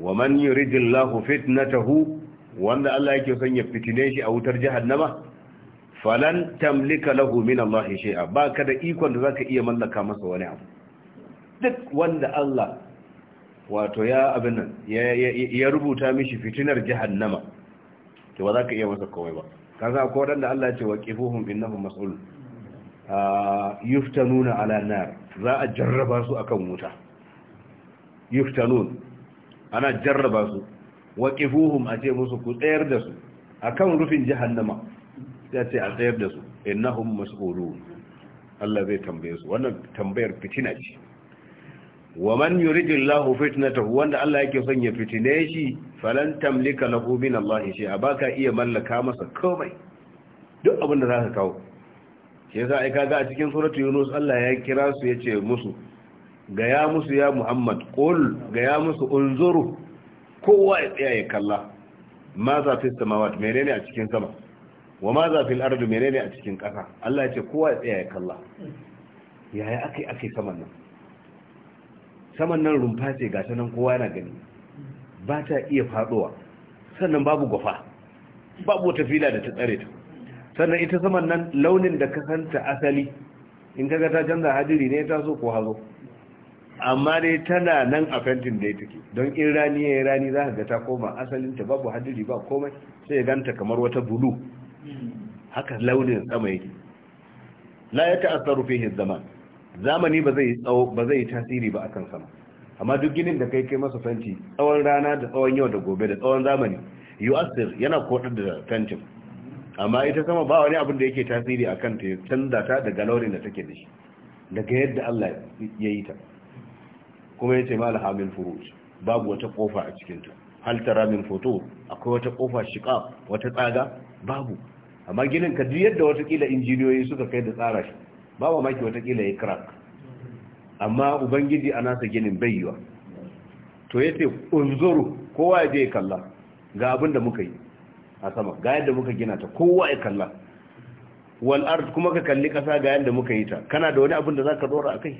wa man yuridillahu fitnatahu wanda Allah yake son ya fitine shi a wutar jahannama falan tamlika lahu min Allah shay'a ba ka da ikon da zaka iya mallaka masa wani abu duk wanda Allah wato ya abin nan ya rubuta mishi fitinar jahannama to ba za ka iya masa komai ba ka za ko wadanda Allah ya ce wa qifuhum innahum mas'ul ah, yuftanuna ala nar za a jarraba su akan wuta yuftanun ana jarraba su waqifuhum a ce musu ku tsayar da su akan rufin jahannama sai a tsayar da su innahum mas'ulun Allah zai tambaye su wannan tambayar fitina ce wa man Allahu fitnatahu wanda Allah yake son ya fitine shi falan tamlika lahu min Allah A baka iya mallaka masa komai duk abin da zaka kawo shi yasa ai kaga a cikin suratul yunus Allah ya kira su yace musu gaya musu ya muhammad ga gaya musu unzuru kowa ya tsaya ya kalla ma za fi samawat menene a cikin sama wa ma za fi al-ardu menene a cikin ƙasa Allah ya ce kowa ya tsaya ya kalla yaya ake ake saman nan saman nan rumfa ce ga sanan kowa yana gani ba ta iya faɗowa sannan babu gwafa babu wata fila da ta tsare ta sannan ita saman nan launin da ka santa asali in kaga ta canza hadiri ne ta so ko hazo amma dai tana nan a fentin da ya take don in rani ya yi rani za ka ga ta koma asalinta babu hadiri ba komai sai ganta kamar wata bulu haka launin sama yake la ya ta'assaru fihi zaman zamani ba zai tsawo ba zai tasiri ba akan sama amma duk ginin da kai kai masa fenti tsawon rana da tsawon yau da gobe da tsawon zamani yu'assir yana kodar da fentin amma ita sama ba wani abin da yake tasiri akan ta canza ta daga launin da take da shi daga yadda Allah ya yi ta kuma yace mal hamil furuj babu wata kofa a cikin ta hal tara min foto akwai wata kofa shiqa wata tsaga babu amma ginin ka duk yadda wata kila injiniyoyi suka kai da tsara shi ba ba maki wata kila ya crack amma ubangiji a nasa ginin bayyuwa to yace unzuru kowa ya je ya kalla ga abin da muka yi a sama ga yadda muka gina ta kowa ya kalla wal ard kuma ka kalli kasa ga yadda muka yi ta kana da wani abin da zaka dora akai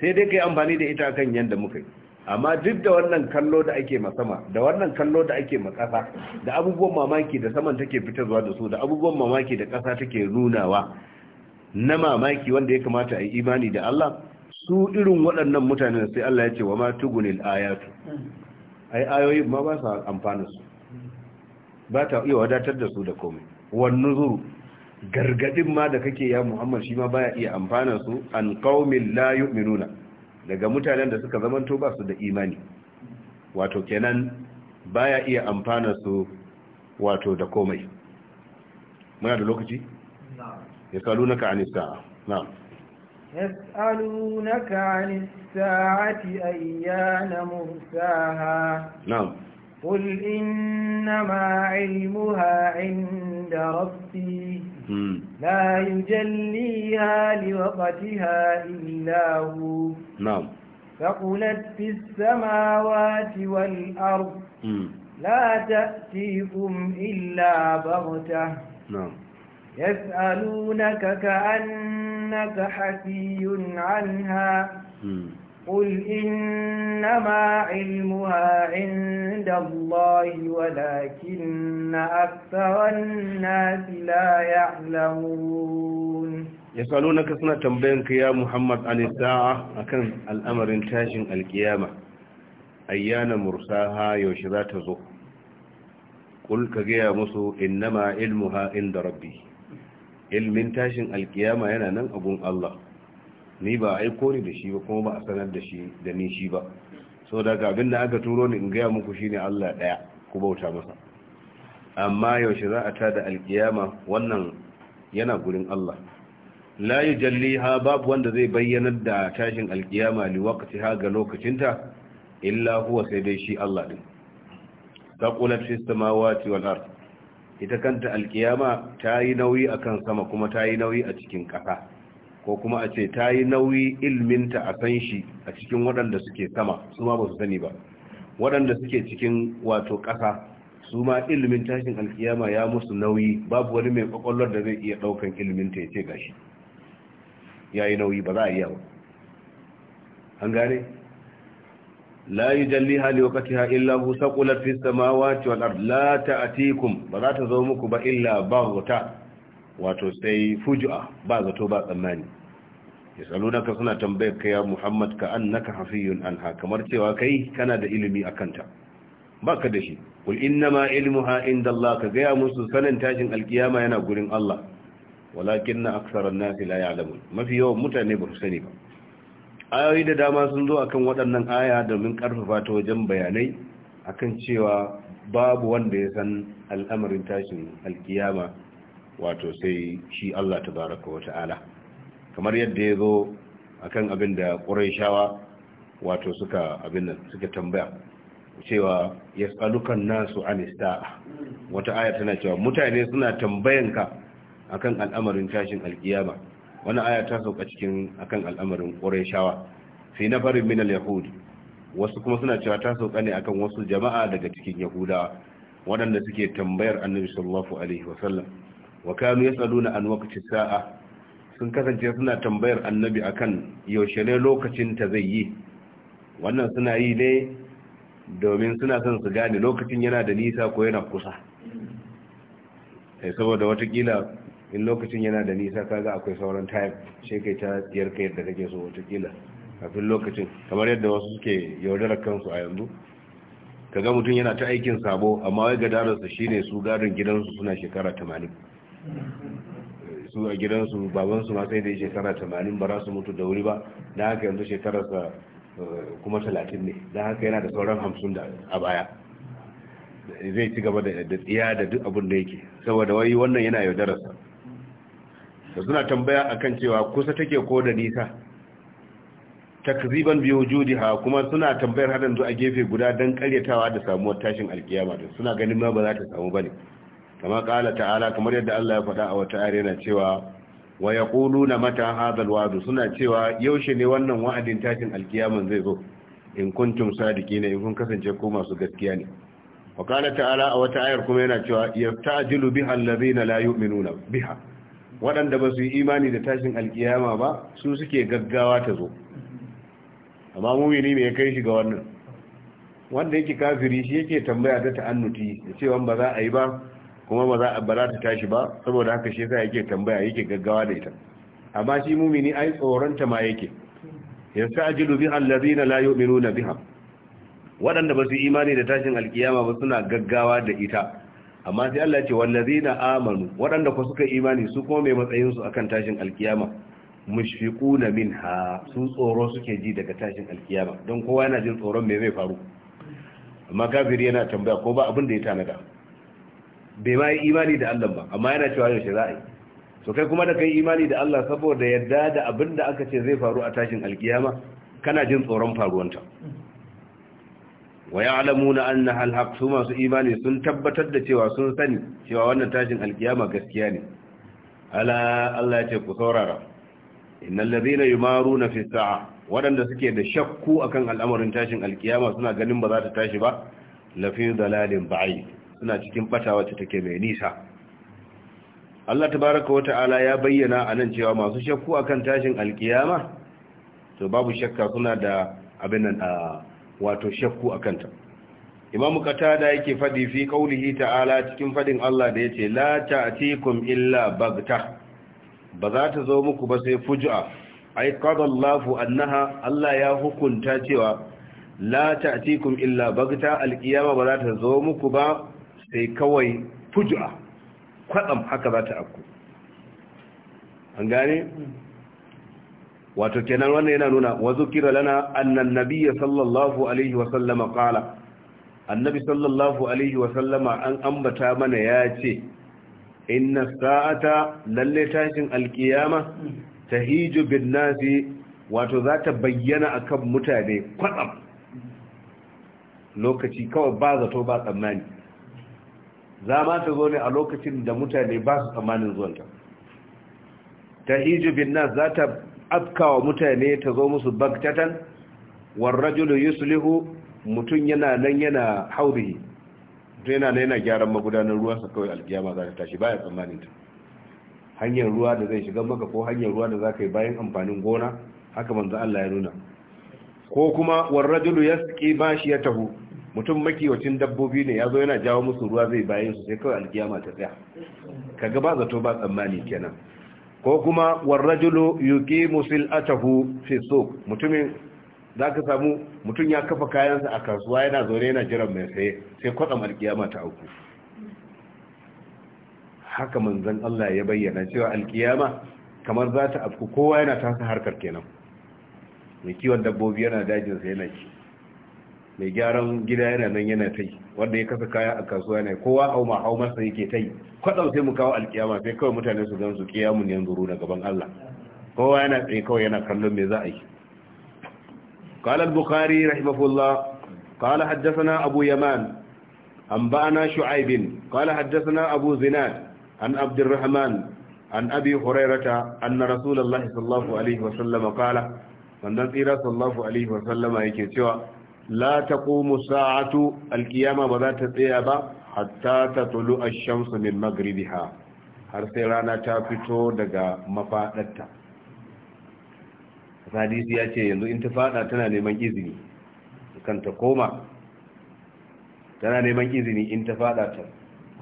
sai dai ka yi amfani da ita kan yadda muka yi amma duk da wannan kallo da ake masama da wannan kallo da ake makasa da abubuwan mamaki da saman take fitarwa da su da abubuwan mamaki da kasa take nunawa na mamaki wanda ya kamata a yi imani da Allah su irin waɗannan mutane sai Allah ya ce wa ma tugunil ayatu ai ayoyi ma ba su amfana su ba ta iya wadatar da su da komai wannan zuru gargadin ma da kake ya muhammad shi ma baya iya amfana su an qaumin la yu'minuna daga mutanen da suka zamanto ba su da imani wato kenan baya iya amfana su wato da komai muna da lokaci ya kalu naka an sa'a na'am yas'alunaka 'anis sa'ati ayyana mursaha na'am قل إنما علمها عند ربي لا يجليها لوقتها إلا هو نعم فقلت في السماوات والأرض لا تأتيكم إلا بغتة نعم يسألونك كأنك حفي عنها قل إنما علمها عند الله ولكن أكثر الناس لا يعلمون يسألونك سنة تنبينك يا محمد عن الساعة أكن الأمر انتاج القيامة أيان مرساها يوشذات زخ قل كجيا مسو إنما علمها عند ربي علم انتاج القيامة ينا نن أبو الله ni ba aiko ni da shi ba kuma ba a sanar da shi da ni shi ba So daga abin da aka turo ni in gaya muku shi ne Allah daya ku bauta masa amma yaushe za a tada alkiyama wannan yana gurin Allah la ha, babu wanda zai bayyanar da tashin alkiyama li ha ga lokacinta illa huwa sai dai shi Allah din taqulat samawati wal ard ita kanta alkiyama ta yi nauyi akan sama kuma ta yi nauyi a cikin ƙasa ko kuma a ce ta yi nauyi ilminta a san shi a cikin waɗanda suke sama su ma ba su sani ba waɗanda suke cikin wato ƙasa su ma ilimin tashin alƙiyama ya musu nauyi babu wani mai ƙwaƙwalwar da zai iya ɗaukan ilminta ya ce gashi ya yi nauyi ba za a yi ba an gane la yi jalli hali wakati ha illa hu saƙular fi samawa ciwon la ta ba za ta zo muku ba illa ba wuta wato sai fujua ba zato ba tsammani Ya yasalunaka suna tambayar ka ya Muhammad ka annaka hafiyun anha kamar cewa kai kana da ilimi a kanta. Ba ka da shi kul ha inda Allah ka gaya musu sanin tashin alkiyama yana gurin Allah na aksarar nasi la ya'lamun mafi yawan mutane ba su sani ba ayoyi da dama sun zo akan waɗannan aya domin karfafa ta wajen bayanai akan cewa babu wanda ya san al'amarin tashin alkiyama wato sai shi Allah tabaraka wa ta'ala kamar yadda ya zo akan abin da shawa, wato suka abin nan suka tambaya cewa yas'alukan nasu anista wata aya tana cewa mutane suna tambayanka akan al'amarin tashin alkiyama Wani aya ta sauka cikin akan al'amarin shawa. fi na min al-yahud wasu kuma suna cewa ta sauka ne akan wasu jama'a daga cikin yahudawa waɗanda suke tambayar annabi sallallahu alaihi wasallam wa kanu yasaluna an waqti sa'a sun kasance suna tambayar annabi akan yaushe ne lokacin ta zai yi wannan suna yi ne domin suna son su gane lokacin yana da nisa ko yana kusa sai eh, saboda watakila in lokacin yana da nisa kaga akwai sauran time sai kai ta tiyar kai yadda kake so watakila kafin lokacin kamar yadda wasu suke yaudarar kansu a yanzu kaga mutum yana ta aikin sabo amma wai gadararsa shine su gadon gidansu suna shekara tamanin. su a gidansu babansu ma sai da shekara tamanin ba su mutu da wuri ba da haka yanzu shekararsa eh, kuma talatin ne da haka yana da sauran hamsin da a baya zai ci gaba da tsiya da duk abin da yake saboda wai wannan yana yaudararsa da suna tambaya akan cewa kusa take ko da nisa takziban biyu judi ha kuma suna tambayar hadan a gefe guda don karyatawa da samuwar tashin alkiyama da suna ganin ma ba za ta samu ba ne kama kala ta'ala kamar yadda Allah ya faɗa a wata ayar yana cewa wa yaquluna mata hadha alwa'd suna cewa yaushe ne wannan wa'adin tashin alkiyaman zai zo in kuntum sadiqina in kun kasance ko masu gaskiya ne wa kala ta'ala a wata ayar kuma yana cewa yaftajilu biha alladhina la yu'minuna biha waɗanda ba su yi imani da tashin alkiyama ba su suke gaggawa ta zo amma mumini ya kai shi ga wannan wanda yake kafiri shi yake tambaya ta ta'annuti da cewa ba za a yi ba kuma ba za ba za ta tashi ba saboda haka shi yasa yake tambaya yake gaggawa da ita amma shi mumini ai tsoronta ma yake ajilu bi allazina la yu'minuna biha waɗanda ba su imani da tashin alkiyama ba suna gaggawa da ita amma sai Allah ya ce wallazina amanu waɗanda ku suka imani su kuma mai matsayin su akan tashin alkiyama mushfiquna minha su tsoro suke ji daga tashin alkiyama don kowa yana jin tsoron me zai faru amma kafiri yana tambaya ko ba abin da ya tanada bai ma yi imani da Allah ba amma yana cewa yaushe za a yi so kai kuma da kai imani da Allah saboda yadda da abin da aka ce zai faru a tashin alkiyama kana jin tsoron faruwanta wa na anna al-haq su masu imani sun tabbatar da cewa sun sani cewa wannan tashin alkiyama gaskiya ne ala Allah ya ce ku saurara innal ladhina yumaruna fi sa'a waɗanda suke da shakku akan al'amarin tashin alkiyama suna ganin ba za ta tashi ba lafi dalalin ba'i suna cikin bata wacce take mai nisa Allah tabaraka wata'ala ya bayyana a nan cewa masu shakku akan tashin alkiyama to babu shakka suna da abin nan a wato shakku akan ta Imam Qatada yake fadi fi qaulihi ta'ala cikin fadin Allah da yace la ta'tikum illa bagta ba za ta zo muku ba sai fujua ai qadallahu annaha Allah ya hukunta cewa la ta'tikum illa bagta Alkiyama ba za ta zo muku ba sai kawai fujua kwaɗam haka za ta akku. an gane wato kenan wannan yana nuna wazo kira lana annan Nabiya sallallahu alaihi wasallama kala annabi sallallahu alaihi wasallama an ambata mana ya ce inna sa'ata lalle tashin alkiyama tahiju bin nasi wato za ta bayyana a kan mutane kwaɗam lokaci kawai ba zato ba tsammani za ma ta zo ne a lokacin da mutane ba su tsammanin zuwanta ta hijibin nas za ta afkawa mutane ta zo musu bagtatan warrajulu yuslihu mutum yana nan yana haurihi Mutum yana nan yana gyaran magudanar sa kawai alkiyama za ta tashi baya tsammanin ta hanyar ruwa da zai shiga maka ko hanyar ruwa da za ka yi bayan amfanin gona haka manzo Allah ya nuna ko kuma warrajulu yasqi tahu mutum makiwacin dabbobi ne ya zo yana jawo musu ruwa zai bayan su sai kawai alkiyama ta tsaya gaba ba to ba tsammani kenan ko kuma warrajulu musil atahu fi suq mutumin zaka samu mutum ya kafa kayansa a kasuwa yana zaune yana jiran mai saye sai kwatsam alkiyama ta auku haka manzon Allah ya bayyana cewa alkiyama kamar za ta afku kowa yana tasa harkar kenan mai kiwon dabbobi yana dajin sai yana ki mai gyaran gida yana nan yana ta yi wanda ya kasa kaya a kasuwa yana kowa au ma hau masa yake ta yi kwaɗau sai mu kawo alkiyama sai kawai mutane su gan su kiyamun yan zuru na gaban Allah kowa yana tsaye kawai yana kallon me za a yi qala al-bukhari rahimahullah qala haddathana abu yaman anba'ana shu'aib qala haddathana abu zinad an abdurrahman an abi hurairata anna Rasulallah sallallahu alaihi Wasallama Kala, qala wannan tsira sallallahu alaihi wa sallama yake cewa la taqumu sa'atu alkiyama ba za ta tsaya ba hatta tulu a shamsu min ha, har sai rana ta fito daga mafaɗarta. hadisi ya ce yanzu in ta fada tana neman izini kan ta koma tana neman izini in ta fada ta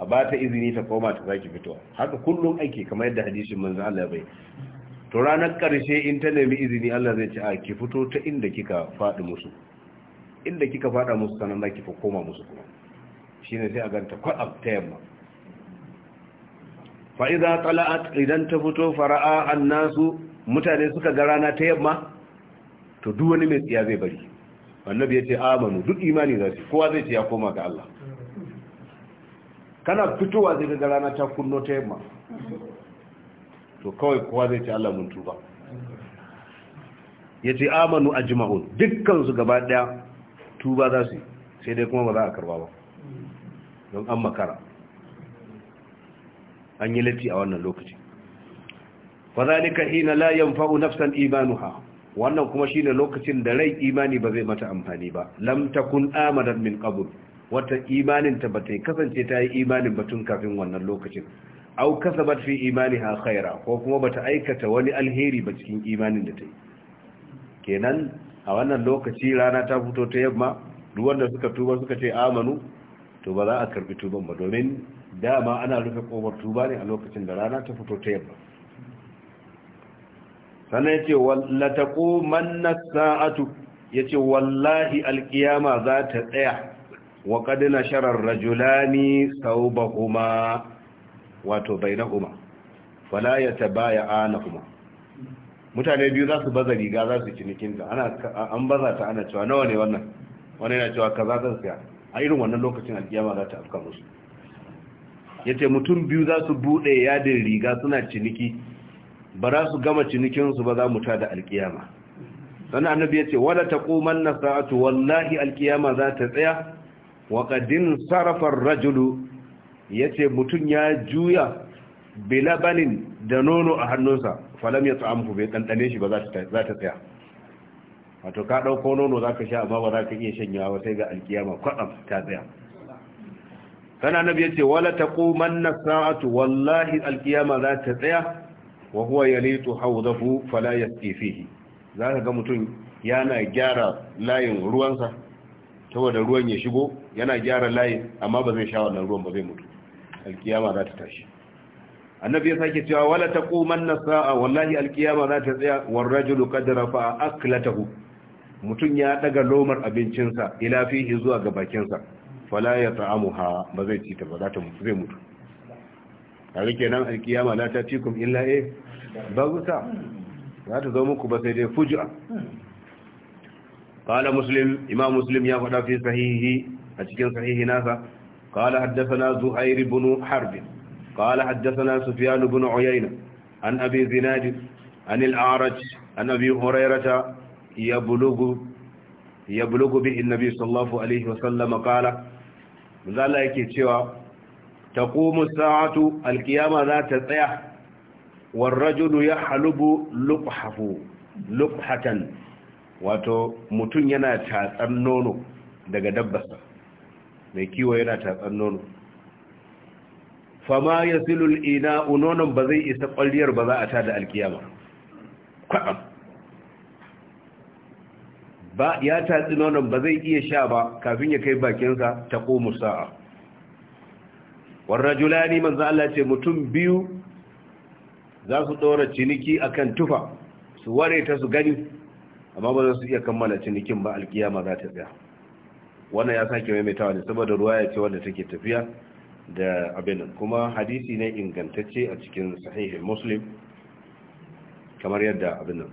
a ba ta izini ta koma ta zaki fitowa haka kullum aiki kamar yadda hadisin manzo Allah bai to ranar karshe in ta nemi izini Allah zai ce a ki fito ta inda kika fadi musu inda kika fada musu sanan za ki fi koma musu kuma shi ne sai a ganta kwaɗab ta yamma fa'iza tala'at idan ta fito fara'a an nasu mutane suka ga rana ta yamma to duk wani mai tsiya zai bari annabi ya ce amanu duk imani za su kowa zai ce ya koma ga Allah kana fitowa zai ga rana ta kunno ta yamma to kawai kowa zai ce Allah mun tuba ya ce amanu a jima'un dukkansu gaba daya tuba za su sai dai kuma ba za a karba ba don an makara an yi latti a wannan lokaci fadhalika hina la yanfa'u nafsan imanuha wannan kuma shine lokacin da rai imani ba zai mata amfani ba lam takun amadan min qabl wata imanin ta bata kasance ta yi imanin batun kafin wannan lokacin au kasabat fi imaniha khaira ko kuma bata aikata wani alheri ba cikin imanin da ta yi kenan a wannan lokaci rana ta fito ta yamma duk wanda suka tuba suka ce amanu to ba za a karbi tuban ba domin dama ana rufe kofar tuba ne a lokacin da rana ta fito ta yamma sannan yace walla manna sa'atu yace wallahi alqiyama za ta tsaya wa qad nashara ar-rajulani thawbahuma wato bainahuma fala yatabaya'anahuma mutane biyu za su baza riga za su cinikinta an baza ta ana cewa nawa ne wannan wani yana cewa kaza zan siya a irin wannan lokacin alkiyama za ta afka musu ya ce mutum biyu za su buɗe yadin riga suna ciniki ba za su gama cinikinsu ba za mu ta da alkiyama sannan annabi ya ce wala ta koman na sa'atu wallahi alkiyama za ta tsaya wa sarrafar rajulu ya ce mutum ya juya Bila bilabanin da nono a hannunsa falam ya tsamu bai ɗanɗane shi ba za ta tsaya wato ka ɗauko nono za ka sha amma ba za ka iya shanyawa ba sai ga alkiyama kwaɗam ta tsaya sana nabi ya ce wala ta ƙuman na sa'atu wallahi alkiyama za ta tsaya wa huwa ya leto hauzafu fala ya tsefihi za ka ga mutum yana gyara layin ruwansa saboda ruwan ya shigo yana gyara layin amma ba zai sha wannan ruwan ba zai mutu alkiyama za ta tashi annabi ya sake cewa wala taqumanna sa'a wallahi alkiyama za ta tsaya war rajulu qad rafa'a aklatahu mutun ya daga lomar abincinsa ila fihi zuwa ga bakinsa fala ya ta'amuha ba zai ci ta ba za ta mutu zai mutu kaga kenan alkiyama la ta tikum illa eh bagusa za ta zo muku ba sai dai fujua قال مسلم امام مسلم يا فدا في صحيحه a cikin sahihi nasa قال حدثنا زهير بن حرب قال حدثنا سفيان بن عيينة عن أبي زناد عن الأعرج عن أبي هريرة يبلغ يبلغ به النبي صلى الله عليه وسلم قال قال يكي تشوا تقوم الساعة القيامة ذات تطيع والرجل يحلب لقحه لقحة wato mutum yana tatsar nono daga dabbarsa mai kiwo yana tatsar nono fama ya silul ina unonon ba zai isa kwalliyar ba za a tada alkiyama ba ya tatsi nonon ba zai iya sha ba kafin ya kai bakinsa ta komu sa'a warra julani manzan Allah ce mutum biyu za su ɗora ciniki a kan tufa su ware ta su gani amma ba za su iya kammala cinikin ba alkiyama za ta tsaya wannan ya sake maimaitawa ne saboda ruwa ya ce wanda take tafiya da abin kuma hadisi ne ingantacce a cikin sahihin muslim kamar yadda abin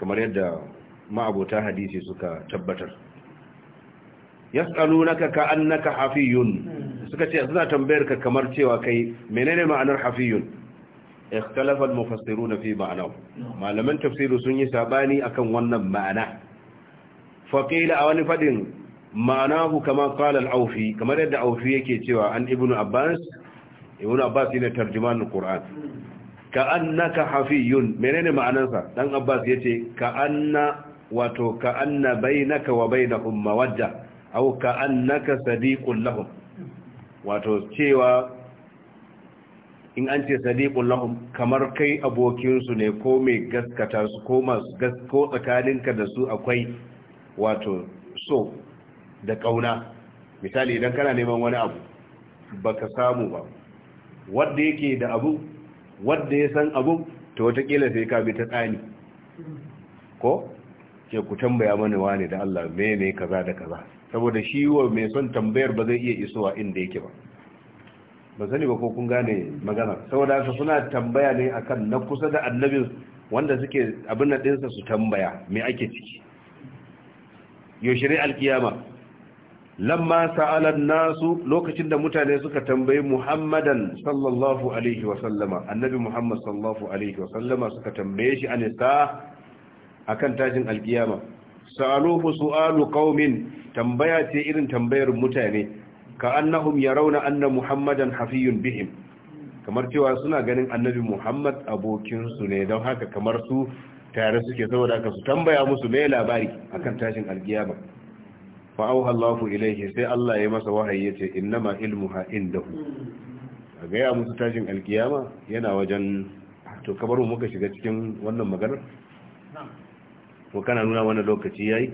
kamar yadda ma'abota hadisi suka tabbatar naka ka annaka hafiyun suka ce suna tambayar ka kamar cewa kai menene ma'anar hafiyun ikhtalafa mufassiru na fi ma'ana. malaman tafsiri sun yi sabani akan wannan ma'ana Faƙila a wani faɗin. ma'anahu kama qala al awfi kamar yadda awfi yake cewa an ibnu abbas ibnu abbas yana tarjuman al-qur'an ka annaka hafiyun menene ma'anarsa dan abbas yace ka anna wato ka anna bainaka wa bainahum mawajja aw ka annaka sadiqun lahum wato cewa in an ce sadiqun lahum kamar kai abokinsu ne ko mai gaskata su ko masu gasko tsakaninka da su akwai wato so da ƙauna misali idan kana neman wani abu baka samu ba wanda yake da abu wanda ya san abu to watakila sai ka bi ta tsani ko ke ku tambaya mana wani da Allah ne kaza da kaza saboda shi wa mai son tambayar ba zai iya isowa inda yake ba ba sani ba ko kun gane magana saboda su suna tambaya ne akan na kusa da annabin wanda suke abin da ɗinsa su tambaya me ake ciki yaushe alkiyama lamma sa'alan nasu lokacin da mutane suka tambayi muhammadan sallallahu alaihi wasallama annabi muhammad sallallahu alaihi wasallama suka tambaye shi an sa akan tajin alkiyama sa'aluhu su'alu qaumin tambaya ce irin tambayar mutane ka annahum yarawna anna muhammadan hafiyun bihim kamar cewa suna ganin annabi muhammad abokinsu ne don haka kamar su tare suke saboda haka su tambaya musu me labari akan tashin alkiyama fa auha ilaihi sai Allah ya masa wahayi yace innama ilmuha indahu A gaya musu tashin alkiyama yana wajen to kabar mu muka shiga cikin wannan maganar to kana nuna wani lokaci yayi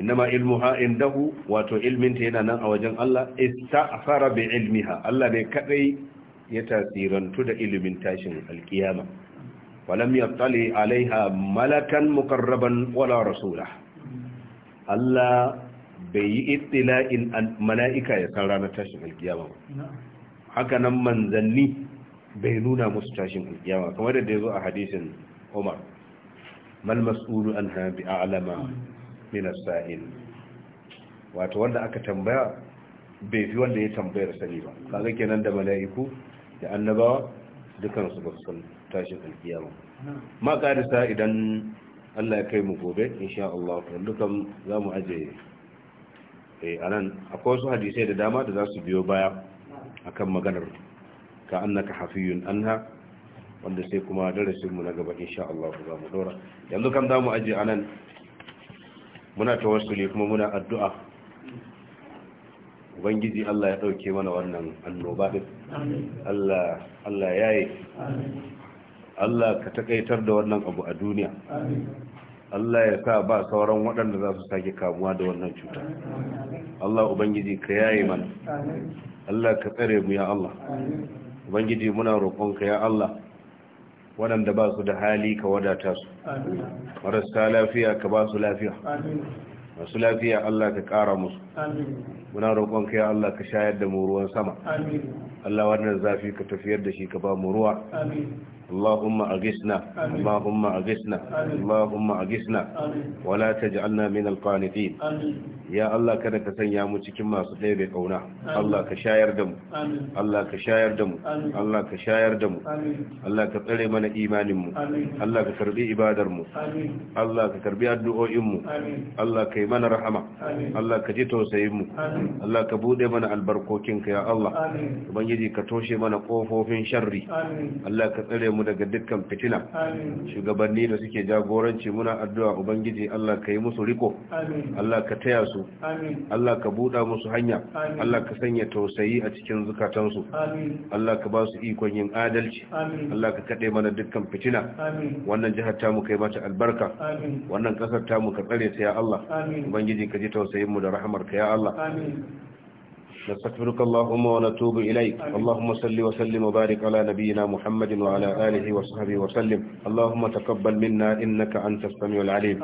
innama ilmuha indahu wato ilminta yana nan a wajen Allah ista'fara ilmi ha? Allah ne kadai ya tasirantu da ilimin tashin alkiyama walam yattali alaiha malakan mukarraban wala rasulah Allah bai yi ittila'in mala'ika ya san ranar tashin alkiyama ba haka nan manzanni bai nuna musu tashin alkiyama kamar da ya zo a hadisin Umar mal mas'ulu an bi a'lama min as wato wanda aka tambaya bai fi wanda ya tambayar sani ba kaga kenan da mala'iku da annabawa dukansu ba su san tashin alkiyama ma idan Allah ya kai mu gobe insha Allah yanzu kam za mu ajiye eh, a nan akwai wasu hadisai da dama da za su biyo baya akan maganar ka annaka hafiyun anha wanda sai kuma darasin mu na gaba insha Allah za mu dora yanzu kam za mu aje a nan muna tawassuli kuma muna addu'a ubangiji Allah ya dauke mana wannan annoba din Allah Allah yayi amin Allah ka takaitar da wannan abu a duniya Allah ya sa ba sauran waɗanda za su sake kamuwa da wannan cuta Allah ubangiji ka yaye mana Allah ka tsare mu ya Allah ubangiji muna roƙonka ya Allah waɗanda ba su da hali ka wadata su marasa lafiya ka ba su lafiya masu lafiya Allah ka ƙara musu muna roƙonka ya Allah ka shayar da mu ruwan sama Allah wannan zafi ka tafiyar da shi ka ba mu ruwa اللهم أغثنا اللهم أغثنا اللهم أغثنا ولا تجعلنا من القانتين ya Allah kada ka sanya mu cikin masu ɗaya ƙauna Allah ka shayar da mu Allah ka shayar da mu Allah ka shayar da mu Allah ka tsare mana imanin mu Allah ka karbi ibadar mu Allah ka karbi addu'o'in mu Allah ka yi mana rahama Allah ka ji tausayin mu Allah ka buɗe mana albarkokin ka ya Allah ubangiji ka toshe mana ƙofofin sharri Allah ka tsare mu daga dukkan fitina shugabanni da suke jagoranci muna addu'a ubangiji Allah ka yi musu riko Allah ka taya su Allah ka buɗa musu hanya Allah ka sanya tausayi a cikin zukatansu Allah ka ba su ikon yin adalci Allah ka kaɗe mana dukkan fitina wannan jihar ta tamu kai mata albarka wannan ƙasar tamu ka tsare ta ya Allah ubangiji ka ji tausayin mu da rahamarka ka ya Allah نستغفرك اللهم ونتوب إليك اللهم صل وسلم وبارك على نبينا محمد وعلى آله وصحبه وسلم اللهم تقبل منا إنك أنت السميع العليم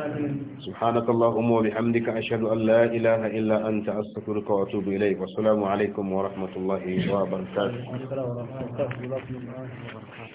سبحانك اللهم وبحمدك أشهد أن لا إله إلا أنت أستغفرك وأتوب إليك والسلام عليكم ورحمة الله وبركاته